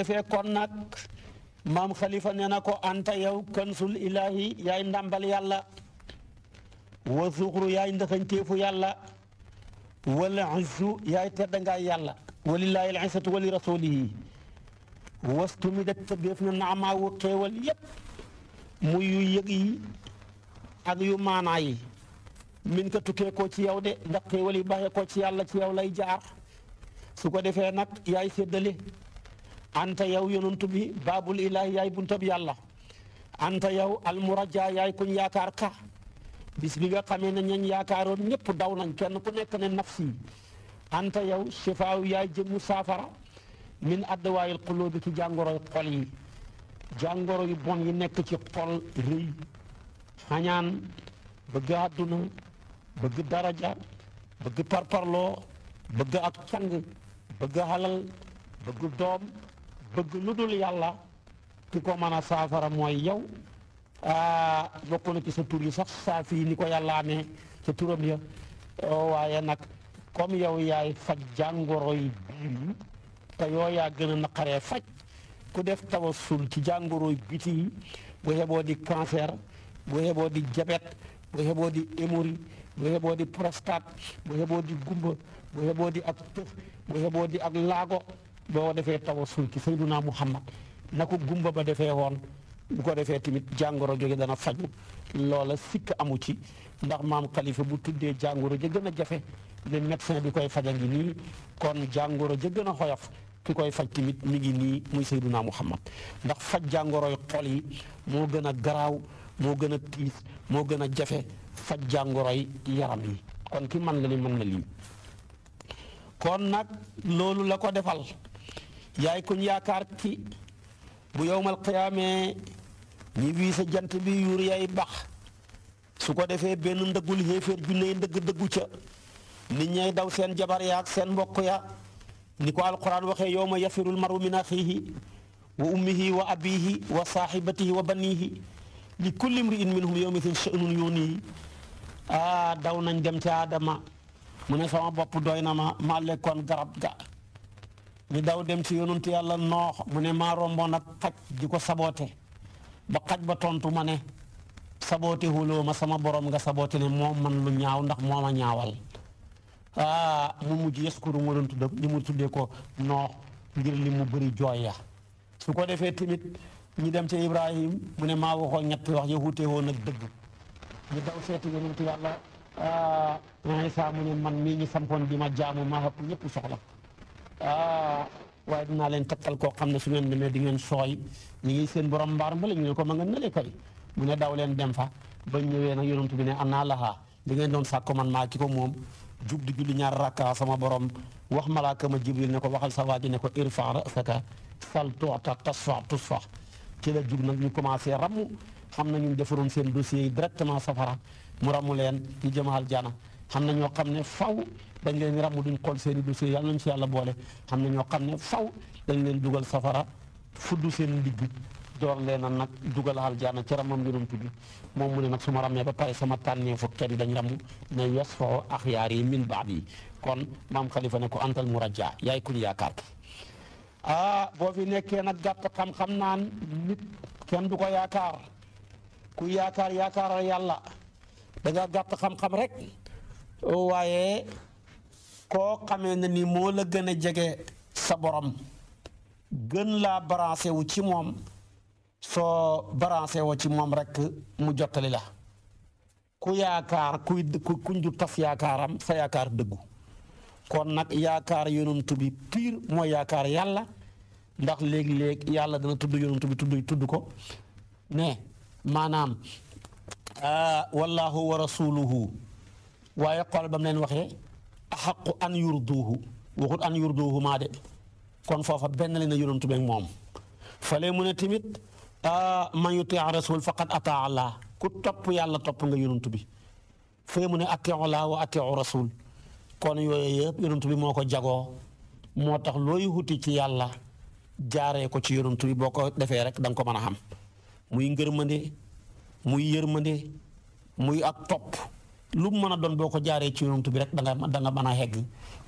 defee kon nag maam xalifa nee na ko anta yow kansul ilahi yaay ndàmbal yàlla wa suxru yaay ndëxañteefu yàlla wala isu yaay teddangaay yàlla walillahi al wali rasulihi wastu mi det tëddeef na naamaa wu xéewal yépp muy yu yëg yi ak yu ci yow de ndax xéewal yi baxee ko ci yàlla ci yaw lay jaar su ko defee nag yaay séddale anta yow yonantu bi baabul ilaahi yaay buntab yàlla anta yow almuraja yaay kuñ yaakaar ka bis bi nga xamee na ñañ yaakaaroon ñëpp daw nañ kenn ku nekk ne nafsi anta yow shifaaw yaay jëmmu saafara min addawaayil xulóobi ci jàngoroy xol yi jàngoro yu bon yi nekk ci xol rëy xañaan bëgg àdduna bëgg daraja bëgg parparloo bëgg ak càng bëgg halal bëgg doom bëgg lu dul yàlla ki ko mën a saafara mooy yow ah, bokk na ci sa tur yi sax saafi ni ko yàlla amee ca turam ya oh, waaye nag comme yow yaay faj jàngoro yi te yoo gën a naqaree faj ku def tawasul ci jàngoro biti yi bu yeboo di cancer bu yeboo di diabète bu yeboo di hémorroïde bu yeboo di prostate bu yeboo di gumba bu yeboo di ak tëf bu yeboo di ak laago boo defee tawasul ci sayduna muhammad na ko gumba ba defee woon bu ko defee tamit jàngoro jooju dana faju loola sikk amu ci ndax maam xalifa bu tuddee jàngoro ja gën a jafe le bi koy faja ngi kon jàngoro ja gën a xoyof ki koy faj tamit mi ngi nii muy sayduna muhammad ndax faj jàngoroy xol yi moo gën a garaaw moo gën a tiis moo gën a jafe faj jàngoroy yaram yi kon ki man la ni mën na lii kon nag loolu la ko defal yaay koñ yaakaar ci bu yowmal qiyaamee ñi wii jant bi yuur yaay bax su ko defee benn ndëggul xéeféer junney ndëgg dëggu ca nit ñay daw seen jabar ya ak seen mbokk ya ni ko alquran waxee yowma yafirul maru min axihi wa ummihi wa abihi wa saaxibatihi wa banihi li kulli mriin minhum yawmasin sha'nun yunihi ah daw nañ dem ca Adama mu ne sama bopp doy na ma ma lekkoon garab ga ñu daw dem ci yonantu yàlla noox mu ne maa romboon ak xaj di ko saboote ba xaj ba tontu ma ne saboote huloo ma sama borom nga saboote ne moom man lu ñaaw ndax moo ma ñaawal ah, mu mujj yaskuru mu doon tudd mu tuddee ko noox ngir li mu bëri jooy su ko defee tamit ñu dem ci Ibrahim mu ne maa waxoo ñetti wax yowutee woon ak dëgg ñu daw seeti yonantu yàlla ah, mu ne mii ñu sampoon bi ma jaamu maa ëpp ñëpp soxla. ah waaye dinaa leen takkal koo xam ne su ngeen demee di ngeen sooy ñu ngi seen borom mbaar mbala ñu ne ko ma nga nële kay mu ne daw leen dem fa ba ñëwee nag yonent bi ne ana laha li ngeen doon sàkko man maa ki ko moom jub di julli ñaar rakka sama borom wax malaaka ma jibril ne ko waxal sa waa ji ne ko irfa rasaka sal tuuta tasfa tusfa ci la jub nag ñu commencé ramu xam na ñu defaroon seen dossier yi directement safara mu ramu leen ñu jëmaal jana xam na ñoo xam ne faw dañ leen ràmm duñ xool seen i dossier yàlla nañ ci yàlla boole xam na ñoo xam ne faw dañ leen dugal safara fudd seen ndigg door leen a nag dugal aljaana ci ramam yonent bi moom mu ne nag su ma ramee ba pare sama tànneefu kenn dañ ramu ne yos foo axyaar yi min baad yi kon maam xalifa ne ko antal murajja yaay kuñ yaakaar ko ah boo fi nekkee nag gàtt xam-xam naan nit kenn du ko yaakaar ku yaakaar yaakaaral yàlla da nga gàtt xam-xam rek waaye koo xamee ne ni moo la gën a jege sa borom gën laa branché wu ci moom soo branché woo ci moom rek mu jottali la ku yaakaar kuy ku njub tas yaakaaram sa yaakaar dëggu kon nag yaakaar yonent bi pire mooy yaakaar yàlla ndax léegi-léeg yàlla dana tudd yonent bi tudd tudd ko ne maanaam wallaahu wa rasuluhu waaye xool ba mu leen waxee axaqu an yurduuhu waxut an yurduuhu maa de kon foofa benn leen a yonantu beeg moom fale mu ne tamit ah, man yuti rasul faqad ataa allah ku topp yàlla topp nga yonantu bi fee mu ne atiu laa wa atiu rasul kon yooyu yëpp yonantu bi moo ko jagoo moo tax looy wuti ci yàlla jaaree ko ci yonantu bi boo ko defee rek da nga ko mën a xam muy ngërmande muy yërmande muy ak topp lu mu mën a doon boo ko jaaree ci yonent bi rek da nga mën a xegg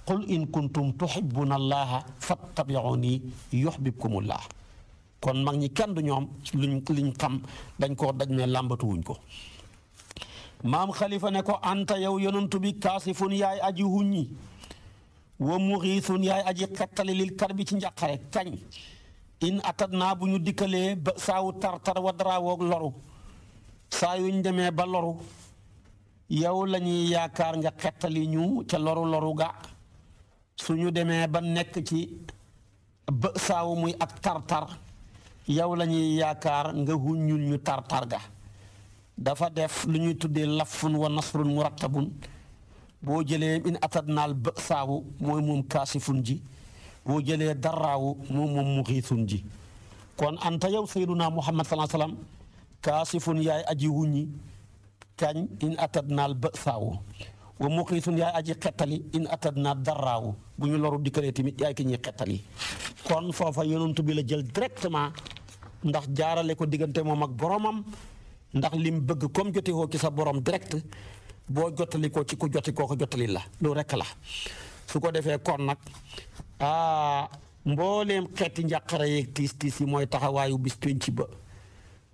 qul in kuntum tuhibbuna allaha fattabi'uni yuhbibkumullah kon mag ñi kenn du ñoom luñ liñ xam dañ koo daj ne làmbatuwuñ ko maam xalifa ne ko anta yow yonent bi kaasifun yaay aji huññi wa muxiisun yaay aji xettali lil kar bi ci njàqare kañ in atat naa bu ñu dikkalee ba saawu tartar wa daraa woog loru saa yuñ demee ba loru yow lañuy ñuy yaakaar nga xettali ñu ca loru loru ga su ñu demee ba nekk ci bë saawu muy ak tartar yow la ñuy yaakaar nga huññul ñu tartar ga dafa def lu ñuy tuddee lafun wa nasrun murattabun boo jëlee in atadnaal bë saawu mooy moom kaasifun ji boo jëlee daraawu moom moom muxiisun ji kon anta yow sayduna muhammad salaa salaam kaasifun yaay aji huññi kañ in atad naal ba saawu wa muqiisun yaay aji xettali in atad naa darraawu bu ñu loru dikkalee tamit yaay ki ñuy xettali kon foofa yonantu bi la jël directement ndax jaarale ko diggante moom ak boromam ndax lim bëgg comme jotewoo ci sa borom direct boo jotali ko ci ku joti koo ko jotali la lu rekk la su ko defee kon nag ah mbooleem xeeti njàqare yeeg tiis tiis yi mooy taxawaayu bis penc ba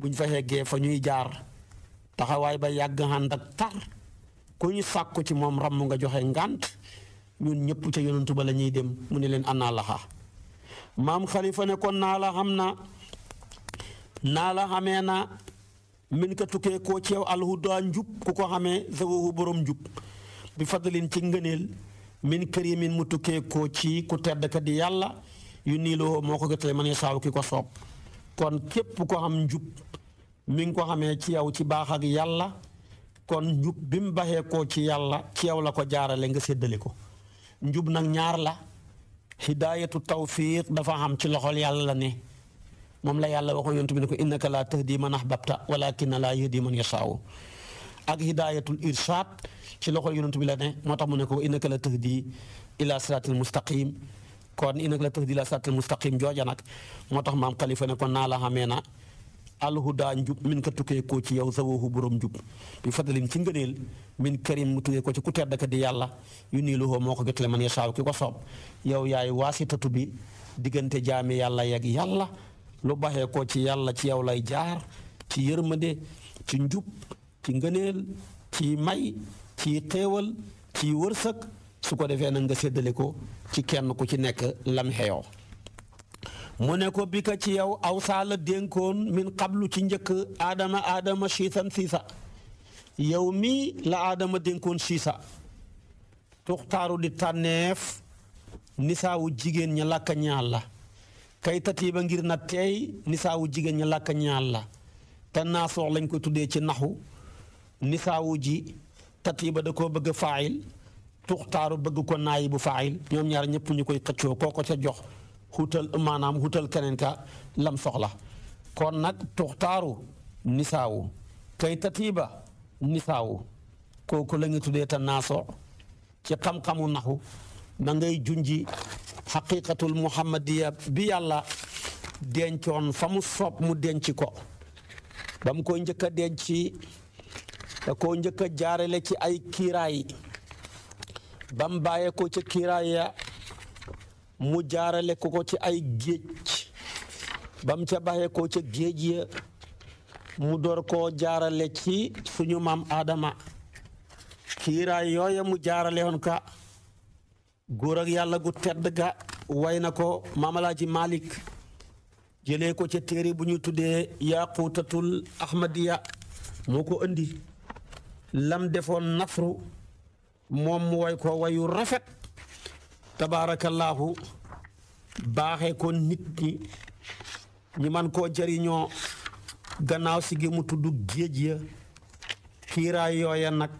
buñ fa xeggee fa ñuy jaar taxawaay ba yàgg ànd ak tar ku ñu sàkku ci moom ramm nga joxe ngànt ñun ñëpp ca yonantu ba la ñuy dem mu ni leen ana laxa maam xalifa ne kon naa la xam na naa la xamee na min ka tukkee koo ceew alhuda njub ku ko xamee zawahu borom njub bi fadlin ci ngëneel min karimin mu tukkee koo ci ku tedd ka di yàlla yu nii loo moo ko gëtale man saaw ki ko soob kon képp ko xam njub mi ngi ko xamee ci yow ci baax ak yàlla kon njub bi mu baxee koo ci yàlla ci yow la ko jaarale nga seddale ko njub nag ñaar la hidaayatu tawfiq dafa xam ci loxol yàlla la ne moom la yàlla waxoon yontu bi ne ko innaka laa tahdi man ahbabta walakinna laa yahdi man yashaa'u ak hidaayatul irshaad ci loxol yonent bi la ne moo tax mu ne ko innaka la tahdi ila siraatil mustaqim kon innaka la tahdi ila siraatil mustaqim jooja nag moo tax maam Khalifa ne ko naa la xamee na daa njub min ka tukkee ko ci yow sawohu borom njub bi fadalin ci ngëneel min karim mu tukkee ko ci ku tedd ka di yàlla yu nii luhoo moo ko jotale man saaw ki ko soob yow yaay waasitatu bi diggante jaami yàlla yeeg yàlla lu baxee ko ci yàlla ci yow lay jaar ci yërmande ci njub ci ngëneel ci may ci xéewal ci wërsëg su ko defee nag nga séddale ko ci kenn ku ci nekk lam mu ne ko bi ci yow aw saa dénkoon min xablu ci njëkk aadama aadama siisan siisa yow mii la aadama dénkoon siisa tuxtaaru di tànneef nisaawu jigéen ñi làkk ñaal la kay tatiiba ngir na teey nisaawu jigéen ña làkk la te lañ ko tuddee ci naxu nisaawu ji tatiiba da koo bëgg faayil tuxtaaru bëgg ko naayi bu faayil ñoom ñaar ñëpp ñu koy xëccoo ko ca jox xutal maanaam xutal keneen ka lam soxla kon nag tuxtaaru nisaawu kay tatiiba nisaawu kooku la ñu tuddee ta naaso ci xam-xamu naxu ma ngay junji xaqiqatul muhammadiya bi yàlla dencoon fa mu soob mu denc ko ba mu ko njëkk a denc da koo njëkk a jaarale ci ay kiiraay ba mu bàyyee ko ca kiiraay ya mu jaarale ko ko ci ay géej ba mu ca baxee ko ca géej ya mu door koo jaarale ci suñu maam Adama kiiraay yooya mu jaarale woon ka góor ak yàlla gu tedd ga way na ko maamalaaji Malik jëlee ko ca téere bu ñu tuddee yaquutatul ahmadiya mu ko indi lam defoon nafru moom mu way ko wayu rafet tabaarakallaahu baaxee ko nit ñi ñi man koo jëriñoo gannaaw si gi mu tudd géej ya kiiraay yooya nag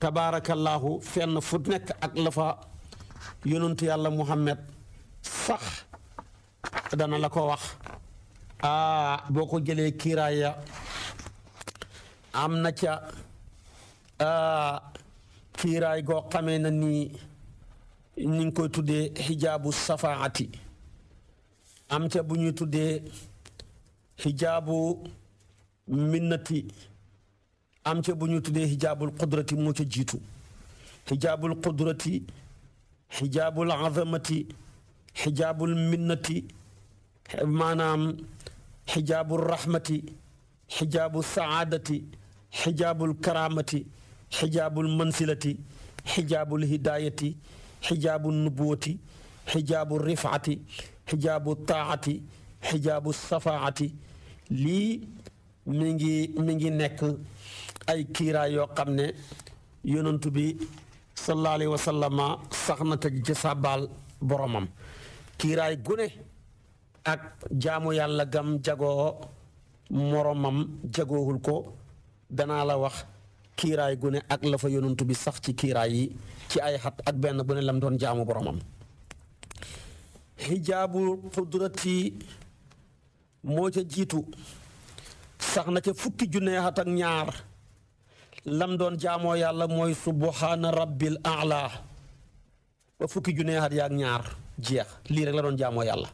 tabaarakallaahu fenn fu nekk ak lafa fa yonentu yàlla muhammad sax dana la ko wax aa boo ko jëlee kiiraay ya am na ca kiiraay goo xamee na nii ñu ngi koy tuddee xijaabu safaati am ca bu ñuy tuddee xijaabu minnati am ca bu ñuy tuddee xijaabul qudrati moo ca jiitu xijaabul qudrati xijaabul azamati xijaabul minnati maanaam xijaabul rahmati xijaabu saadati xijaabul karamati xijaabul mansilati xijaabul hidayati xijaabu nubuwati xijaabu rifaati xijaabu taaxati xijaabu safaati lii mi ngi mi ngi nekk ay kiiraay yoo xam ne yonantu bi sallallahu alayhi wa sallama sax na te jësaabaal boromam kiiraay gune ak jaamu yàlla gam jagoo moromam jagoowul ko danaa la wax kiiraay gu ne ak la fa yonantu bi sax ci kiiraay yi ci ay xat ak benn bu ne lam doon jaamu boromam xijaabu xudrati moo ca jiitu sax na ca fukki junne xat ak ñaar lam doon jaamoo yàlla mooy subhaana rabbil a'la ba fukki junne xat yaak ñaar jeex lii rek la doon jaamoo yàlla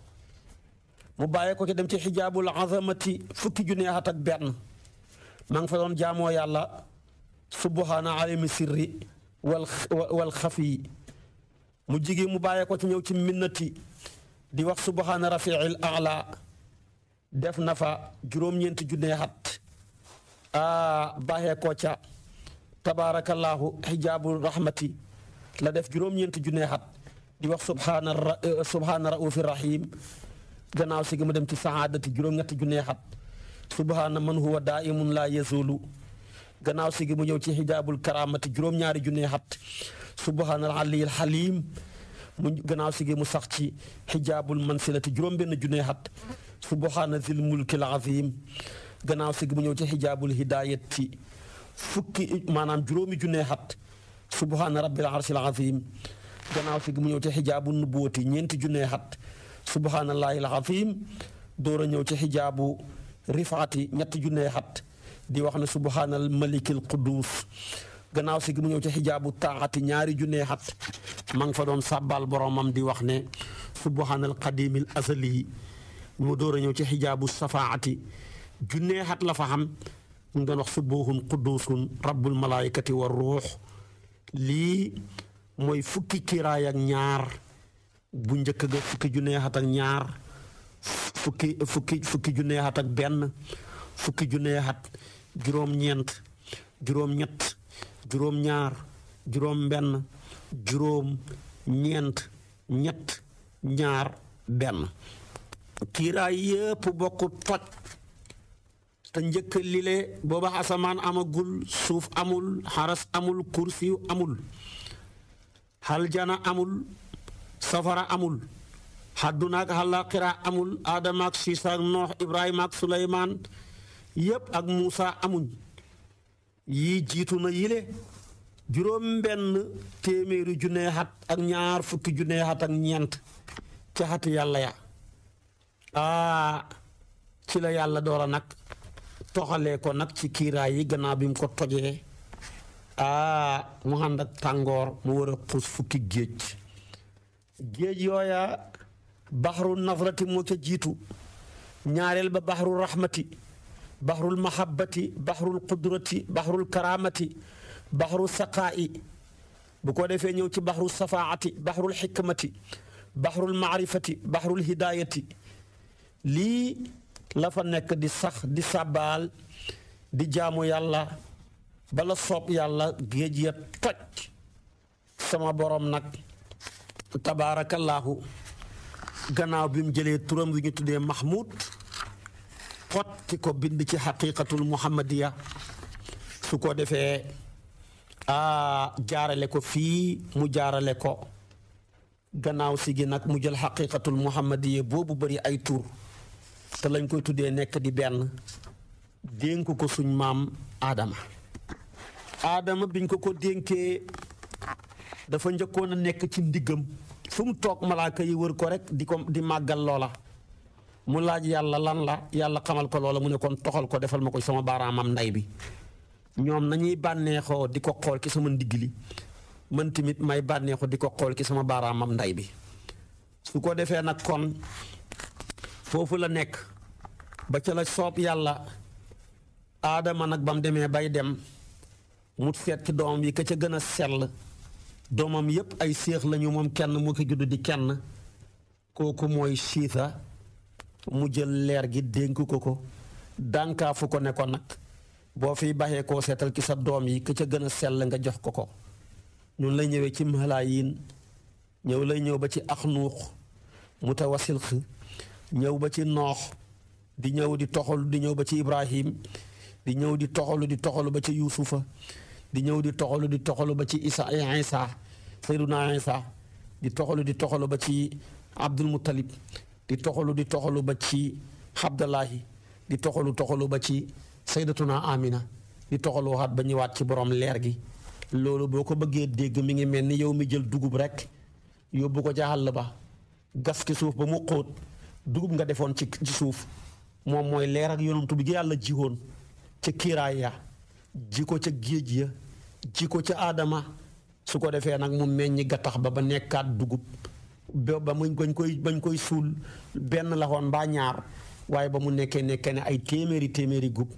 mu bàyyee ko ci dem ci xijaabul azamati fukki junne xat ak benn maa fa doon jaamoo yàlla subhaana alimi sirri wal wal xafi mu jigi mu bàyyee ko ci ñëw ci minnati di wax subhaana rafiil ala def nafa fa juróom-ñeenti junnee xat a baaxee ko ca tabaarakallaahu xijaabu rahmati la def juróom-ñeenti junnee di wax subhaana subhaana raufi rahim gannaaw si mu dem ci sahaadati juróom-ñetti junnee xat subhaana man huwa daimun laa yazulu gannaaw si gi mu ñëw ci xijaabul karaamati juróom-ñaari junne xat subhaanal aliyil mu gannaaw si gi mu sax ci xijaabul mansilati juróom-benn junne xat subhaana zil mulkil azim gannaaw si gi mu ñëw ci xijaabul hidaayati fukki maanaam juróomi junne xat subhaana rabbil arsil azim gannaaw si mu ñëw ci xijaabul nubuwati ñeenti junne xat subhaanallahil azim door a ñëw ci xijaabu rifaati ñetti junne di wax ne subhaanal malikil quddus gannaaw si gi ñëw ci xijaabu taaxati ñaari junnee xat ma nga fa doon sàbbaal boromam di wax ne subhaanal qadimil asali mu door a ñëw ci xijaabu safaati junnee xat la fa xam mu ngi doon wax subuhun rabbul malaayikati war ruux lii mooy fukki kiraay ak ñaar bu njëkk ga fukki junnee xat ak ñaar fukki fukki ak benn fukki junne at juróom-ñeent juróom-ñett juróom-ñaar juróom-benn juróom-ñeent ñett ñaar benn. kiiraay yëpp bokk toj te njëkk lile booba asamaan amagul suuf amul xaras amul kursiyu amul xaljana amul safara amul xaddunaak xalaaxira amul aadamaak siisaak noox ibrahima ak yépp ak Muusa amuñ yii jiitu na yile juróom benn téeméeri junne xat ak ñaar fukki junne xat ak ñeent ca xati yàlla ya aa ci la yàlla doora nag toxalee ko nag ci kiiraay yi gannaaw bi ko tojee aa mu ànd tàngoor mu war a pus fukki géej géej yooya baxaru nafrati moo ca jiitu ñaareel ba baxaru raxmati baxrul mahabbati baxrul qudrati baxrul karaamati baxru saqaa'i bu ko defee ñëw ci baxru safaati baxrul xikmati baxrul maarifati baxrul hidaayati lii la fa nekk di sax di sabaal di jaamu yàlla bala soob yàlla géej ya toj sama borom nag tabaarakallaahu gannaaw bi mu jëlee turam wi ñu tuddee Mahmoud kot ci ko bind ci xaqiqatul muhammadiya su ko defee a jaarale ko fii mu jaarale ko gannaaw si gi nag mu jël xaqiqatul muhammadiya boobu bari ay tur te lañ koy tuddee nekk di benn dénk ko suñ maam aadama aadama biñ ko ko dénkee dafa njëkkoon a nekk ci ndiggam fu mu toog malaaka yi wër ko rek di ko di màggal loola mu laaj yàlla lan la yàlla xamal ko loola mu ne kon toxal ko defal ma ko sama baaraamam nday bi ñoom nañuy bànneexoo di ko xool ci sama ndigg li man tamit may bànneexoo di ko xool ci sama baaraamam nday bi su ko defee nag kon foofu la nekk ba ca la soob yàlla aadama nag ba mu demee bay dem mu seet ci doomam yi ka ca gën a sell doomam yépp ay séex lañu moom kenn mu ko judd di kenn kooku mooy siita mu jël leer gi dénk ko ko dànkaafu ko ne ko nag boo fiy baxee koo seetal ki sa doom yi ki ca gën a sell nga jox ko ko ñun lay ñëwee ci malaayin ñëw lay ñëw ba ci axnuux mutawasilx ñëw ba ci noox di ñëw di toxalu di ñëw ba ci ibrahim di ñëw di toxalu di toxalu ba ci yuusufa di ñëw di toxalu di toxalu ba ci isa eh, isa sayduna isa di toxalu di toxalu ba ci abdul muttalib di toxalu di toxalu ba ci Abdallahi di toxalu toxalu ba ci naa Amina di toxalu waxaat ba ñëwaat ci borom leer gi loolu boo ko bëggee dégg mi ngi mel ni yow mi jël dugub rek yóbbu ko ca àll ba gas ki suuf ba mu xóot dugub nga defoon ci suuf moom mooy leer ak yonantu bi yàlla jiwoon ca kiiraay ya ji ko ca géej ya ji ko ca aadama su ko defee nag mu meññ gattax ba ba nekkaat dugub ba mu bañ koy bañ koy suul benn la woon ñaar waaye ba mu nekkee nekkee ne ay téeméeri téeméeri gub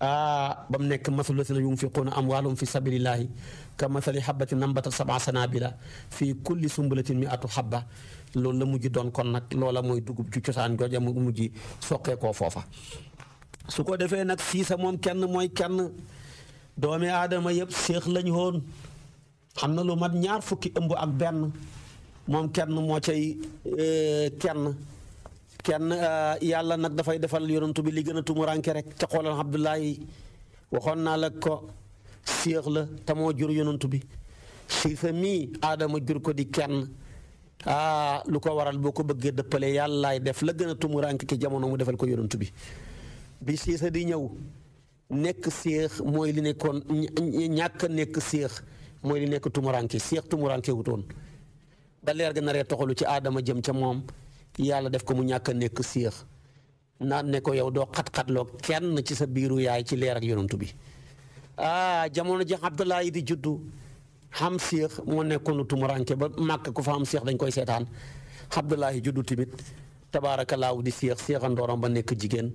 ah ba mu nekk masalu lasina yunfiquuna amwaalahum fi sabilillahi ka masali xabatin ambata sab'a sanaabila fii kulli sumbulatin mi'atu xabba loolu la mujj doon kon nag loola mooy dugub ci cosaan jooja mu mujj soqee koo foofa su ko defee nag siisa moom kenn mooy kenn doomi aadama yëpp séex lañ woon xam na lu mat ñaar fukki ëmb ak benn moom kenn moo cay euh, kenn kenn euh, yàlla nag dafay defal yonantu bi li gën a tumuranke rek ca xoolal Abdullahi waxoon naa la ko séex la te moo jur yonantu bi si sa mii aadama ko di kenn ah lu ko waral boo ko bëggee dëppale yàllaay def la gën a tumuranke jamono mu defal ko yonantu bi bi si di ñëw nekk séex mooy li nekkoon ñàkk nekk séex mooy li nekk tumuranke séex tumuranke wutoon ba leer ga naree toxalu ci aadama jëm ca moom yàlla def ko mu ñàkk a nekk séex naan ne ko yow doo xat-xatloo kenn ci sa biiru yaay ci leer ak yonantu bi ah jamono ji Abdoulaye di juddu xam séex moo nekkoon tumuranke ba màkk ku fa am séex dañ koy seetaan Abdoulaye juddu tamit tabaarakallaahu di séex séexa ndooram ba nekk jigéen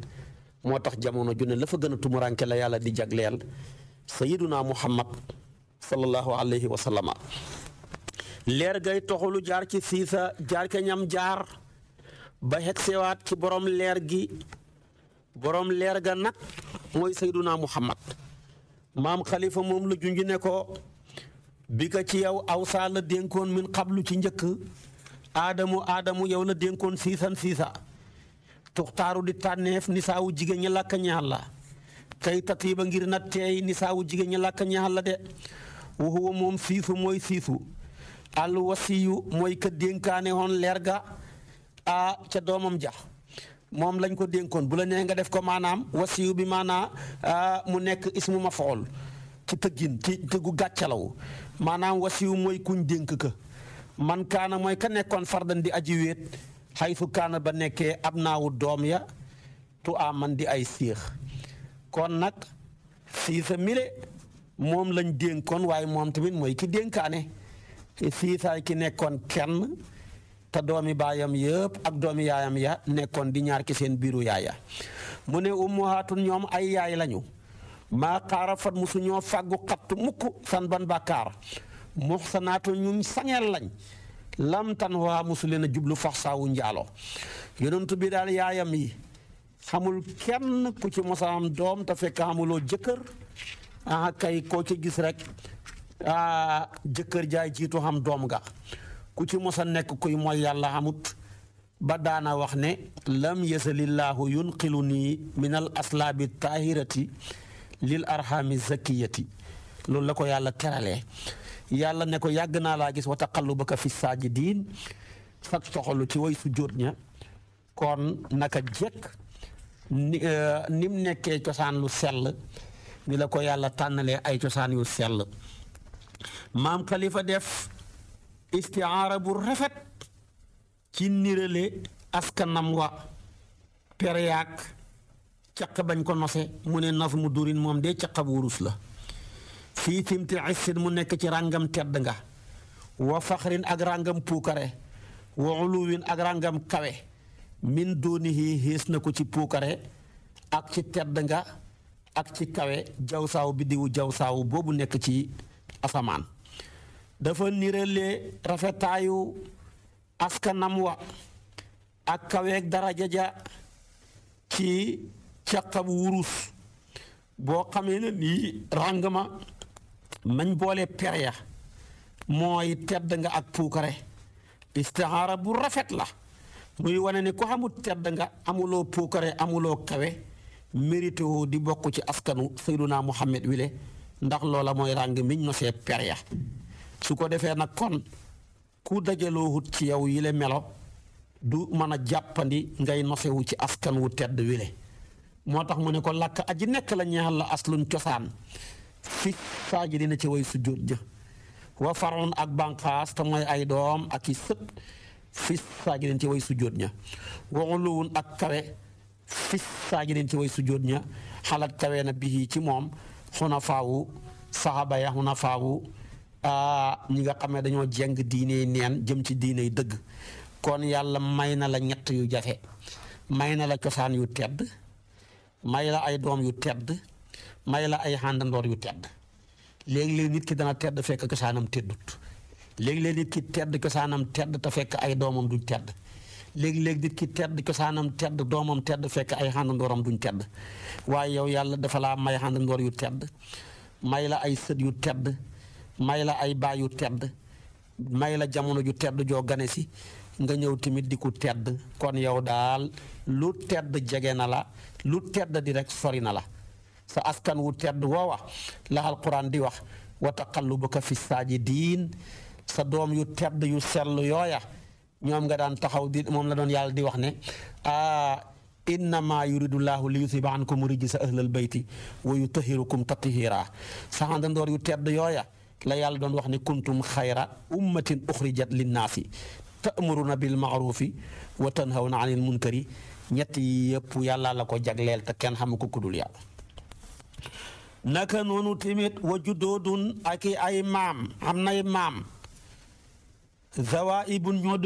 moo tax jamono ju ne la fa gën a tumuranke la yàlla di jagleel sayiduna muhammad sallallahu alayhi wa leer gay toxulu jaar ci siisa jaar ca ñam jaar ba xeg sewaat ci borom leer gi borom leer ga nag mooy sayduna muhammad maam xalifa moom la junj ne ko bi ka ci yow awsaa la dénkoon min xablu ci njëkk aadamu aadamu yow la dénkoon siisan siisa tuxtaaru di tànneef ni jigéen ñi làkk ñaal la tey tatiiba ngir na teey ni saawu jigéen ñi làkk ñaal la de waxuwa moom siisu mooy siisu al wasiyu mooy ka dénkaane woon leer ga a ca doomam ja moom lañ ko dénkoon bu la nee nga def ko maanaam wasiyu bi maanaa mu nekk ismu mafool ci tëggin ci tëggu gàccalaw maanaam wasiyu mooy kuñ dénk ka man kaana mooy ka nekkoon fardan di aji wéet xaytu kaana ba nekkee ab naawu doom ya tu a man di ay séex kon nag siisa mile moom lañ dénkoon waaye moom tamit mooy ki dénkaane siisaay ki nekkoon kenn te doomi baayam yëpp ak doomi yaayam ya nekkoon di ñaar ki seen biiru yaaya mu ne ummahatun ñoom ay yaay lañu maa xaara fat musu ñoo fàggu xattu mukk san ban bàkkaar muxsanaatu ñum sañeel lañ lam tan waa musu leen a jublu fax saawu njaalo yonentu bi daal yaayam yi xamul kenn ku ci mosaam doom te fekk xamuloo jëkkër ah kay koo ci gis rekk Ah, jëkkër jaay jiitu xam doom ga ku ci mos a nekk kuy mooy yàlla xamut ba daana wax ne lam yasalillaahu yunqilu nii min al aslaabi taahirati lil arhami zakiyati loolu la ko yàlla terale yàlla ne ko yàgg naa laa gis wa taqallubaka fi saajidiin sag soxalu ci way su ña kon naka jekk ni eh, nim nekkee cosaan lu sell ni la ko yàlla tànnalee ay cosaan yu sell maam Khalifa def istiaara bu rafet ci nirale askanam wa pereyaak caq bañ ko nose mu ne nas mu durin moom de caq wurus la fii timti issin mu nekk ci ràngam tedd nga wa faxrin ak ràngam puukare wa uluwin ak ràngam kawe min doonihi xiis na ko ci puukare ak ci tedd nga ak ci kawe jaw saaw biddiwu jaw saaw boobu nekk ci asamaan dafa nirale rafetaayu askanam wa ak kaweeg daraja ja ci caqab wurus boo xamee ne nii ràng ma boole perya mooy tedd ak puukare istihaara bu rafet la muy wane ni ku xamul nga amuloo puukare amuloo kawe mérite di bokk ci askanu sayduna muhammad wile ndax loola mooy ràng miñ nosee per ya su ko defee nag kon ku dajaloohut ci yow yile melo du mën a jàppandi ngay nosewu ci askan wu tedd wile moo tax mu ne ko làkk aji nekk la ñaxal la aslun cosaan fi saaji dina ci way sujjóot ja wa faroon ak banqaas te ay doom ak i sët fi saaji dina ci way sujjóot ña waxuluwun ak kawe fi saaji dina ci way sujjóot ña xalaat kawe na bii ci moom xunafaawu saxaaba ya xunafaawu ñi nga xam ne dañoo jeng diiney neen jëm ci diiney dëgg kon yàlla may na la ñett yu jafe may na la cosaan yu tedd may la ay doom yu tedd may la ay xàndandoor yu tedd léegi-léeg nit ki dana tedd fekk cosaanam teddut léegi-léeg nit ki tedd cosaanam tedd te fekk ay doomam duñ tedd léegi-léegi nit ki tedd cosaanam tedd doomam tedd fekk ay xàndandooram duñ tedd waaye yow yàlla dafa laa may xàndandoor yu tedd may la ay sët yu tedd may la ay baay yu tedd may la jamono ju tedd joo gane si nga ñëw tamit di ku tedd kon yow daal lu tedd jege na la lu tedd di rek sori na la sa askan wu tedd woowa la alquran di wax wa taqallubuka saaji diin sa doom yu tedd yu sell yooya ñoom nga daan taxaw di moom la doon yàlla di wax ne ah innama yuridullahu li yuthiba ankum rijsa ahlal bayti wa yutahirukum tathiira saxandandoor yu tedd yooya la yàlla doon wax ne kuntum xayra ummatin uxrijat linnaasi ta'muruna bi ma'rufi wa tanhawna anil munkari ñett yi yëpp yàlla la ko jagleel te kenn xamu ko kudul yàlla naka noonu tamit wa judoodun ak ay maam am nay maam zawaa ibun ñoo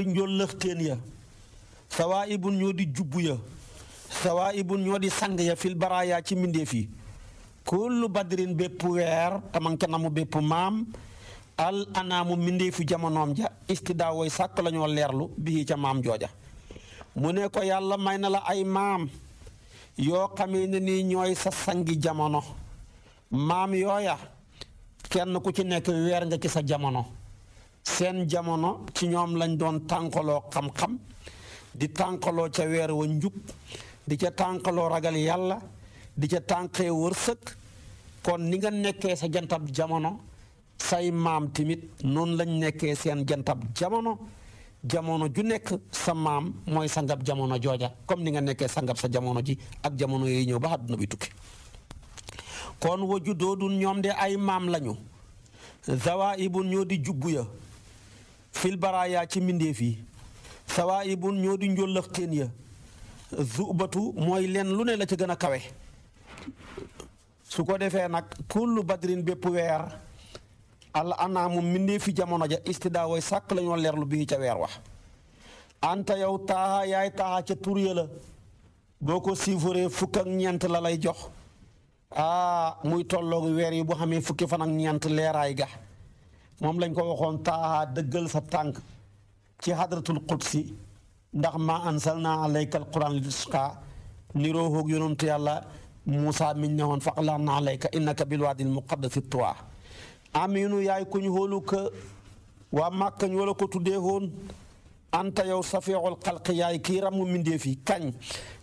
di jubbu ya sawaa ibun ñoo di sang ya fil ci mbindeef yi kullu badrin bépp weer taman ca namu bépp maam al anaamu mbindeefu jamonoom ja istidaa woy sàkk la ñoo leerlu bii ca maam jooja mu ne ko yàlla may na la ay maam yoo xamee ne nii ñooy sa sangi jamono maam yooya kenn ku ci nekk weer nga ci sa jamono seen jamono ci ñoom lañ doon tànkaloo xam-xam di tànkaloo ca weer wa njub di ca tànkaloo ragal yàlla di ca tànkee wërsëg kon ni nga nekkee sa jantab jamono say maam tamit noonu lañ nekkee seen jantab jamono jamono ju nekk sa maam mooy sangab jamono jooja comme ni nga nekkee sangab sa jamono ji ak jamono yooyu ñëw ba àdduna bi tukki kon waju doodun ñoom de ay maam lañu zawa ibun ñoo di jubbu ya fil yaa ci mbindeef yi sawaayibun ñoo di njólëx teen ya zubatu mooy leen lu ne la ci gën a kawe su ko defee nag kullu badrin bépp weer al anaamu mbindeefi jamono ja istidaa way sàkk la ñoo leerlu bii ca weer wax anta yow taaxa yaay taaxa ca tur ya boo ko siifaree fukk ñeent la lay jox aa muy tolloog weer yi bu xamee fukki fan ak ñeent leeraay ga moom lañ ko waxoon taaha dëggal sa tànk ci hadratul qudsi ndax ma ansalna alayka alquran litusqa niroo hoog yonantu yàlla Moussa miñ ne woon faqlan alayka innaka bilwaadil muqaddasi tuwa aminu yaay kuñ hóolu ka waa màkka ñu wala ko tuddee hoon anta yow safiixul xalqi yaay kii ramu mindeef fi kañ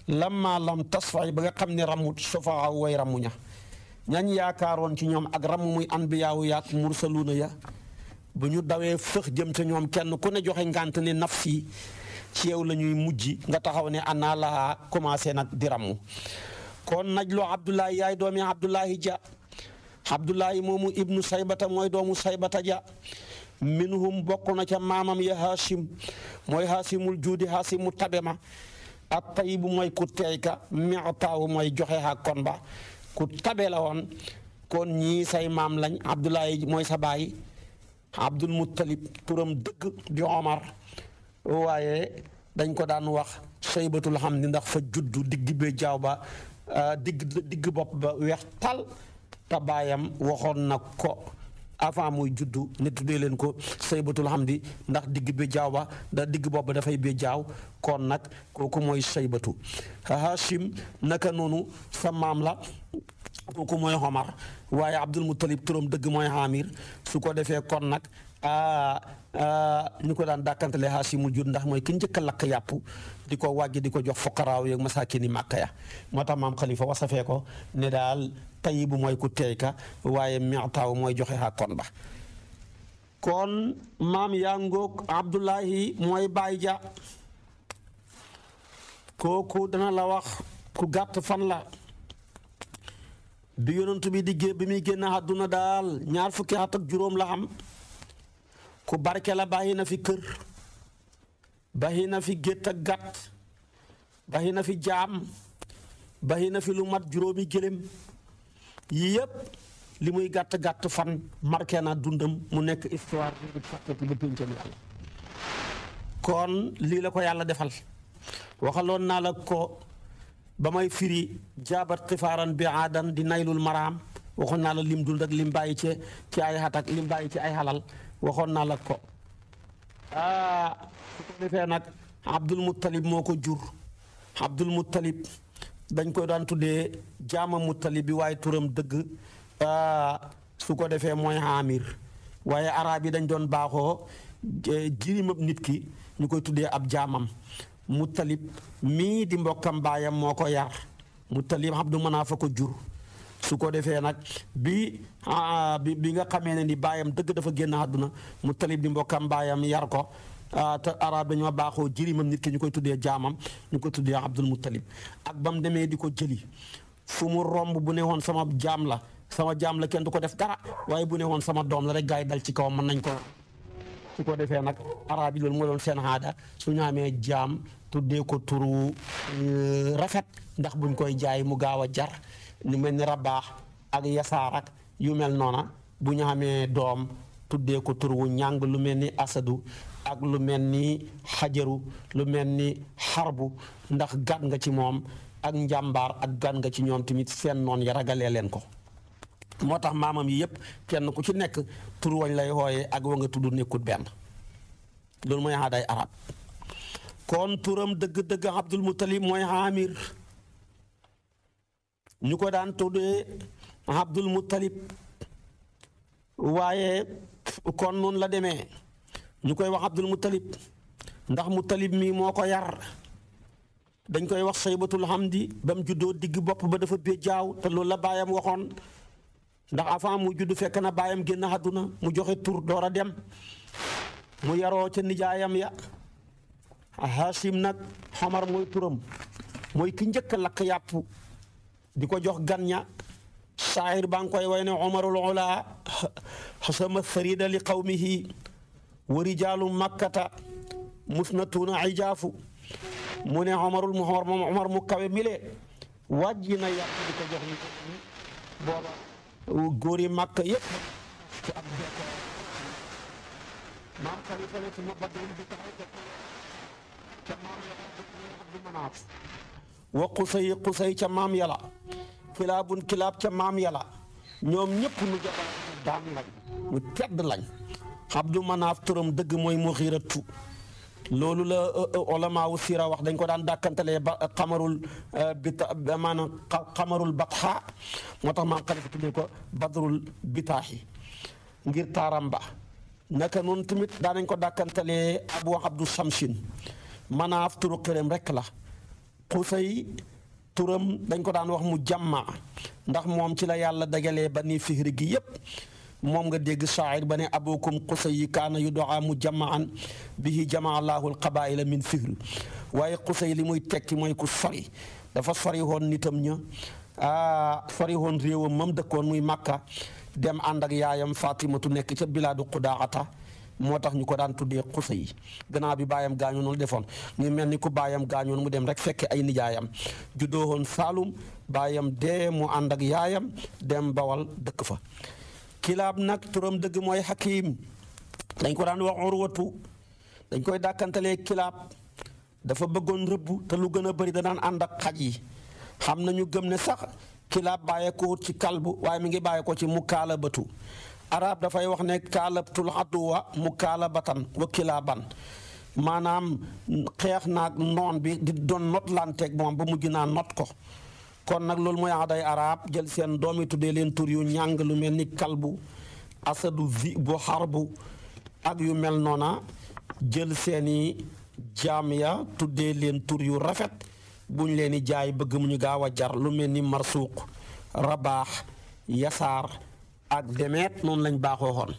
lamma lam tasfayi ba nga xam ne ramu sofaaw way ramuña ñañ yaakaaroon ci ñoom ak ramu muy anbiyaawu yaak mursaluuna ya bu ñu dawee fëx jëm ca ñoom kenn ku ne joxe ngànt ne nafsi ci yow la mujj nga taxaw ne ana laa commencé nag di ramu kon najlu abdullahi yaay doomi abdullahi ja abdullahi moomu ibnu saybata mooy doomu saybata ja minhum bokk na ca maamam ya hashim mooy haashimul juudi haashimu tabema ak tayibu mooy ku teey ka meextaawu mooy joxe ak kon ba ku tabe la woon kon ñii say maam lañ abdullahi mooy sa baay abdul muttalib turam dëgg di omar waaye dañ ko daan wax saybatul xam ni ndax fa juddu digg bee jaaw ba ah, digg digg bopp ba weex tal te waxoon na ko avant muy juddu ne tuddee leen ko saybatul xamdi ndax digg bi jaaw ba da digg boobu dafay be jaaw kon nag kooku mooy saybatu hashim naka noonu sa maam la kooku mooy Omar waaye Abdul Muttalib turam dëgg mooy Amir su ko defee kon nag ñu ko daan dàkkantale Haasimul Juud ndax mooy ki njëkk lakk yàpp di ko wàjj di ko jox fuqaraaw yeeg masaakini màkk ya moo tax maam Khalifa wasafee ko ne daal bu mooy ku teey ka waaye meextaaw mooy joxe kon ba kon maam yaa ngoog Abdullahi mooy Baay Ja kooku dana la wax ku gàtt fan la. bi yonent bi di gé bi muy génn àdduna daal ñaar fukki at ak juróom la am ku barke la bàyyi na fi kër bàyyi na fi gétt ak gàtt bàyyi na fi jaam bàyyi na fi lu mat juróomi gëléem yii yëpp li muy gàtt gàtt fan marqué na dundam mu nekk histoire kon lii la ko yàlla defal waxaloon naa la ko ba may firi jaabat xifaaran bi aadan di naylul maraam waxoon naa la lim dund ak lim bàyyi ci ci ay xat ak lim bàyyi ci ay xalal waxoon naa la ko ah su ko defee nag moo ko jur Abdul Muttalib dañ koy daan tuddee jaama Muttalib bi waaye turam dëgg ah, su ko defee mooy Amir waaye araab yi dañ doon baaxoo eh, jirimab nit ki ñu koy tuddee ab jaamam Muttalib mii di mbokkam baayam moo ko yar Muttalib Abdu Manaaf a ko jur su ko defee nag ah, bi bi nga xamee ne ni baayam dëgg dafa génn àdduna Muttalib di mbokkam baayam yar ko ah, te arab dañoo baaxoo jirimam nit ki ñu koy tuddee jaamam ñu koy tuddee Abdul Muttalib ak ba demee di ko jëli fu mu romb bu ne woon sama jaam la sama jaam la kenn du ko def dara waaye bu ne woon sama doom la rek gaa yi dal ci kawam mën nañ ko su ko defee nag arab yi loolu moo doon amee jaam tuddee ko turu euh, rafet ndax buñ koy jaay mu gaaw a jar lu mel ni rabaax ak yasaar yu mel noona bu ñu amee doom tuddee ko turu ñàng lu mel ni asadu ak lu mel ni xajaru lu mel ni xarbu ndax gan nga ci moom ak njàmbaar ak gan nga ci ñoom tamit seen noon ya ragalee leen ko moo tax maamam yi yëpp kenn ku ci nekk tur wañ lay hooyee ak wa nga tudd nekku benn loolu mooy aaday arab kon tuuram dëgg-dëgg Abdul Muttalib mooy Amir ñu ko daan tuddee Abdul Muttalib waaye kon noonu la demee ñu koy wax Abdul Muttalib ndax Muttalib mii moo ko yar dañ koy wax saybatul hamdi ba mu juddoo digg bopp ba dafa bee jaaw te loolu la baayam waxoon ndax avant mu judd fekk na baayam génn àdduna mu joxe tur door a dem mu yaroo ca nijaayam ya Hachim nag Xomar mooy turam ki njëkk lakk yàppu di ko jox gan ña saahir baa ngi koy way ne Omarul Ula xasama farida li qawmihi wa rijaalu makkata musnatuuna ijaafu mu ne Omarul mu Omar moom Omar mu kawe mile wàjji na yàpp di ko jox ñi booba góor yi màkk ca maam yàlla abdul manaaf wa qusay qusay ca maam yàlla kilaabun kilaab ca maam yàlla ñoom ñëpp nu jabar daan lañ ñu tedd lañ abdul manaaf turam dëgg mooy muxiiratu loolu la olama euh, euh, wu siira wax dañ ko daan dàkkantalee ba euh, xamarul bita maanaam xamarul batxa moo tax maam xalifa tuddee ko badrul bitaaxi ngir taaramba naka noonu tamit daanañ ko dàkkantalee abu abdu samsin manaaf turu këram rek la xusay turam dañ ko daan wax mu jàmma ndax moom ci la yàlla dagalee ba ni fihri gi yépp moom nga dégg shaacir ba ne abukum qusay kaana yu doxaa mu jamaan bihi jamaa llaahu alqabaila min fihr waaye qusay li muy tekki mooy ku sori dafa sori woon nitam ña ah sori woon réewam mam dëkkoon muy màkka dem ànd ak yaayam fatimatu nekk ca bilaadu qudaata moo tax ñu ko daan tuddee xusa yi ganaar bi baayam gaañu noonu defoon ñu mel ni ku baayam gaañoon mu dem rek fekke ay nijaayam juddoowoon Saalum baayam dee mu ànd ak yaayam dem bawal dëkk fa kilaab nag turam dëgg mooy xakiim dañ ko daan wax urwatu dañ koy dàkkantalee kilaab dafa bëggoon rëbb te lu gën a bëri danaan ànd ak xaj yi xam ñu gëm ne sax kilaab bàyyeekoo ci kalbu waaye mi ngi bàyyeekoo ci mu mukaalabatu arab dafay wax ne kaalabtul aduwa mu kaalabatan wa ban maanaam xeex naag noon bi di doon not lanteeg moom ba mujj naa not ko kon nag loolu mooy aaday arab jël seen doomi tuddee leen tur yu ñàng lu mel ni kalbu asadu vi bu xarbu ak yu mel noona jël seeni jaam ya tuddee leen tur yu rafet buñ leen di jaay bëgg mu ñu gaaw a jar lu mel ni marsuuq rabaax yasaar ak demeet noonu lañ baaxoo xoon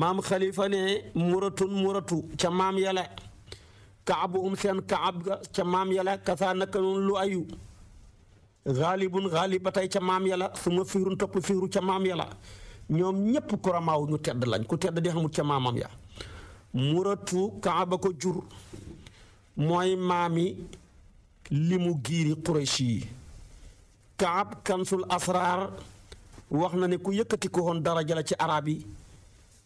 maam xalifa ne muratun muratu ca maam yàlla kaabuhum seen kaab ca maam yàlla kasaa naka noonu lu ayu xaalibun xaalib ca maam yàlla su ma topp fiiru ca maam yàlla ñoom ñépp kuramaaw ñu tedd lañ ku tedd di xamul ca maamam ya muratu kaaba ko jur mooy maami limu giiri qurayshi kaab kansul asraar wax na ne ku yëkkati dara woon ci arab yi